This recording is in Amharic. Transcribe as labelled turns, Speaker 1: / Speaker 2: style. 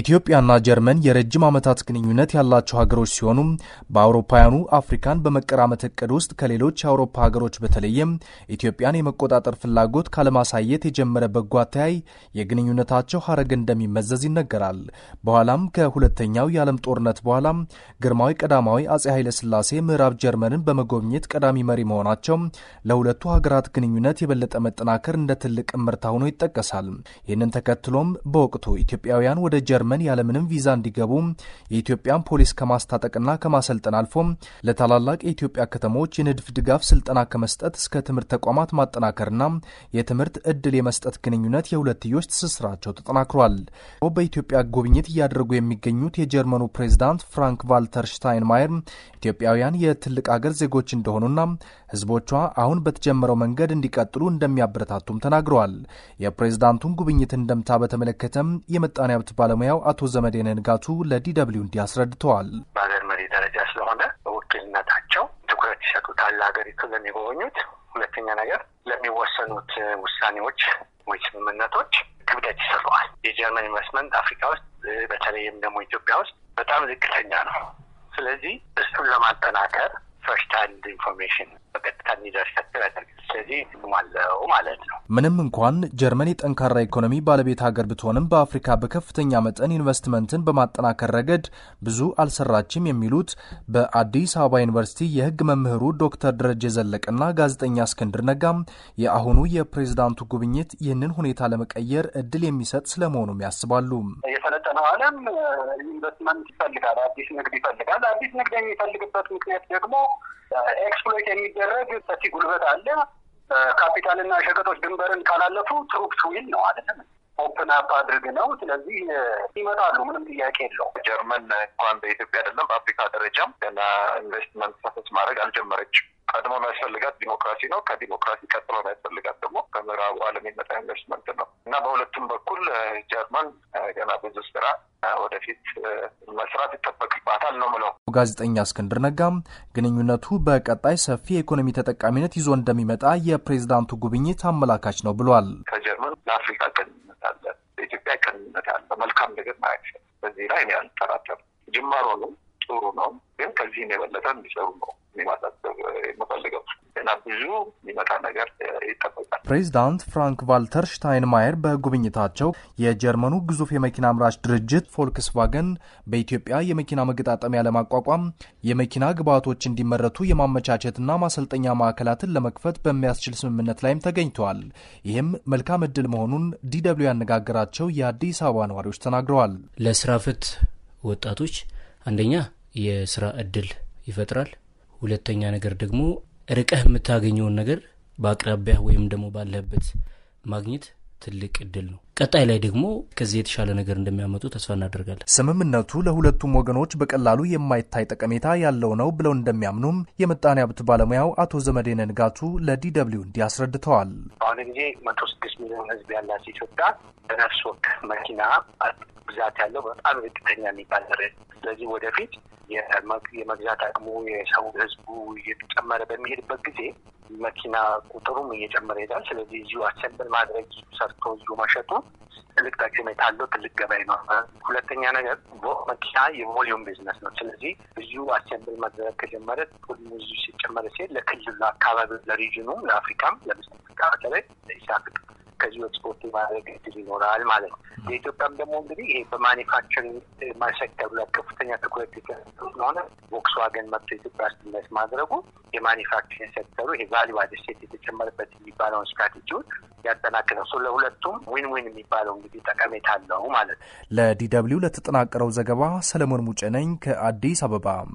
Speaker 1: ኢትዮጵያና ጀርመን የረጅም ዓመታት ግንኙነት ያላቸው ሀገሮች ሲሆኑ በአውሮፓውያኑ አፍሪካን በመቀራመት እቅድ ውስጥ ከሌሎች የአውሮፓ ሀገሮች በተለይም ኢትዮጵያን የመቆጣጠር ፍላጎት ካለማሳየት የጀመረ በጎ አተያይ የግንኙነታቸው ሀረግ እንደሚመዘዝ ይነገራል። በኋላም ከሁለተኛው የዓለም ጦርነት በኋላም ግርማዊ ቀዳማዊ አጼ ኃይለ ስላሴ ምዕራብ ጀርመንን በመጎብኘት ቀዳሚ መሪ መሆናቸው ለሁለቱ ሀገራት ግንኙነት የበለጠ መጠናከር እንደ ትልቅ እምርታ ሆኖ ይጠቀሳል። ይህንን ተከትሎም በወቅቱ ኢትዮጵያውያን ወደ ጀርመን ጀርመን ያለምንም ቪዛ እንዲገቡ የኢትዮጵያን ፖሊስ ከማስታጠቅና ከማሰልጠን አልፎ ለታላላቅ የኢትዮጵያ ከተሞች የንድፍ ድጋፍ ስልጠና ከመስጠት እስከ ትምህርት ተቋማት ማጠናከርና የትምህርት እድል የመስጠት ግንኙነት የሁለትዮሽ ትስስራቸው ተጠናክሯል። በኢትዮጵያ ጉብኝት እያደረጉ የሚገኙት የጀርመኑ ፕሬዚዳንት ፍራንክ ቫልተር ሽታይንማየር ኢትዮጵያውያን የትልቅ አገር ዜጎች እንደሆኑና ህዝቦቿ አሁን በተጀመረው መንገድ እንዲቀጥሉ እንደሚያበረታቱም ተናግረዋል። የፕሬዚዳንቱን ጉብኝት እንደምታ በተመለከተም የምጣኔ ሀብት ባለሙያው ባለሙያው አቶ ዘመዴነ ንጋቱ ለዲደብሊው እንዲህ አስረድተዋል።
Speaker 2: በሀገር መሪ ደረጃ ስለሆነ በውክልነታቸው ትኩረት ይሰጡታል ለሀገሪቱ ለሚጎበኙት። ሁለተኛ ነገር ለሚወሰኑት ውሳኔዎች ወይ ስምምነቶች ክብደት ይሰጠዋል። የጀርመን ኢንቨስትመንት አፍሪካ ውስጥ በተለይም ደግሞ ኢትዮጵያ ውስጥ በጣም ዝቅተኛ ነው። ስለዚህ እሱን ለማጠናከር ፈርስት ሃንድ ኢንፎርሜሽን በቀጥታ እንዲደርሳቸው ያደርግ ስለዚህ አለው ማለት ነው።
Speaker 1: ምንም እንኳን ጀርመን የጠንካራ ኢኮኖሚ ባለቤት ሀገር ብትሆንም በአፍሪካ በከፍተኛ መጠን ኢንቨስትመንትን በማጠናከር ረገድ ብዙ አልሰራችም የሚሉት በአዲስ አበባ ዩኒቨርሲቲ የሕግ መምህሩ ዶክተር ደረጀ ዘለቅና ጋዜጠኛ እስክንድር ነጋም የአሁኑ የፕሬዝዳንቱ ጉብኝት ይህንን ሁኔታ ለመቀየር እድል የሚሰጥ ስለመሆኑም ያስባሉ።
Speaker 2: የሰለጠነው ዓለም ኢንቨስትመንት ይፈልጋል፣ አዲስ ንግድ ይፈልጋል። አዲስ ንግድ የሚፈልግበት ምክንያት ደግሞ ኤክስፕሎይት የሚደረግ ሰፊ ጉልበት አለ ካፒታልና ሸቀጦች ድንበርን ካላለፉ ትሩፕስ ዊል ነው አይደለም። ኦፕን አፕ አድርግ ነው። ስለዚህ ይመጣሉ፣ ምንም ጥያቄ የለው። ጀርመን እንኳን በኢትዮጵያ አይደለም በአፍሪካ ደረጃም ገና ኢንቨስትመንት ሰፈስ ማድረግ አልጀመረችም። ቀድሞ የሚያስፈልጋት ዲሞክራሲ ነው። ከዲሞክራሲ ቀጥሎ የሚያስፈልጋት ደግሞ ከምዕራቡ ዓለም የመጣ ኢንቨስትመንት ነው እና በሁለቱም በኩል ጀርመን ገና ብዙ ስራ ወደፊት መስራት ይጠበቅባታል ነው ምለው።
Speaker 1: ጋዜጠኛ እስክንድር ነጋም ግንኙነቱ በቀጣይ ሰፊ የኢኮኖሚ ተጠቃሚነት ይዞ እንደሚመጣ የፕሬዚዳንቱ ጉብኝት አመላካች ነው ብሏል። ከጀርመን ለአፍሪካ ቅንነት አለ፣ ለኢትዮጵያ ቅንነት አለ። መልካም ነገር ማየት በዚህ ላይ እኔ አልጠራጠርም። ጅማሮ ነው፣ ጥሩ ነው። ግን ከዚህም የበለጠ እንዲሰሩ ነው ማሳሰብ የምፈልገው። ገና ብዙ የሚመጣ ነገር ይጠበቃል። ፕሬዚዳንት ፍራንክ ቫልተር ሽታይንማየር በጉብኝታቸው የጀርመኑ ግዙፍ የመኪና አምራች ድርጅት ፎልክስቫገን በኢትዮጵያ የመኪና መገጣጠሚያ ለማቋቋም የመኪና ግብዓቶች እንዲመረቱ የማመቻቸትና ማሰልጠኛ ማዕከላትን ለመክፈት በሚያስችል ስምምነት ላይም ተገኝተዋል። ይህም መልካም እድል መሆኑን ዲደብሊው ያነጋገራቸው የአዲስ አበባ ነዋሪዎች ተናግረዋል። ለስራ ፍት ወጣቶች አንደኛ የስራ እድል ይፈጥራል። ሁለተኛ ነገር ደግሞ ርቀህ የምታገኘውን ነገር በአቅራቢያ ወይም ደግሞ ባለህበት ማግኘት ትልቅ እድል ነው። ቀጣይ ላይ ደግሞ ከዚህ የተሻለ ነገር እንደሚያመጡ ተስፋ እናደርጋለን። ስምምነቱ ለሁለቱም ወገኖች በቀላሉ የማይታይ ጠቀሜታ ያለው ነው ብለው እንደሚያምኑም የምጣኔ ሀብት ባለሙያው አቶ ዘመዴነ ንጋቱ ለዲደብሊው እንዲህ አስረድተዋል። ጊዜ
Speaker 2: መቶ ስድስት ሚሊዮን ህዝብ ያላት ኢትዮጵያ በነፍስ ወከፍ መኪና ብዛት ያለው በጣም ዝቅተኛ የሚባል ደረጃ። ስለዚህ ወደፊት የመግዛት አቅሙ የሰው ህዝቡ እየጨመረ በሚሄድበት ጊዜ መኪና ቁጥሩም እየጨመረ ይሄዳል። ስለዚህ እዚሁ አሰምብል ማድረግ ሰርቶ እዚሁ መሸጡ ትልቅ ጠቀሜታ አለው። ትልቅ ገበያ ነው። ሁለተኛ ነገር መኪና የቮሊዩም ቢዝነስ ነው። ስለዚህ እዚሁ አሰምብል መደረግ ከጀመረ ሁሉም እዚሁ ሲጨመረ ሲሄድ ለክልሉ አካባቢ፣ ለሪጅኑ፣ ለአፍሪካም ለምስ አፍሪካ በተለይ ከዚህ ኤክስፖርት የማድረግ እድል ይኖራል ማለት ነው። የኢትዮጵያም ደግሞ እንግዲህ ይሄ በማኒፋክቸሪንግ ማሰከሩ ላይ ከፍተኛ ትኩረት ስለሆነ ቮክስዋገን መጥቶ ኢትዮጵያ ውስጥ ማድረጉ የማኒፋክቸሪንግ ሴክተሩ ይሄ ቫሊዩ አድድ የተጨመረበት የሚባለውን ስትራቴጂውን ያጠናክረው። ሰው ለሁለቱም ዊን ዊን የሚባለው እንግዲህ ጠቀሜታ አለው ማለት ነው።
Speaker 1: ለዲ ደብልዩ ለተጠናቀረው ዘገባ ሰለሞን ሙጬ ነኝ ከአዲስ አበባ።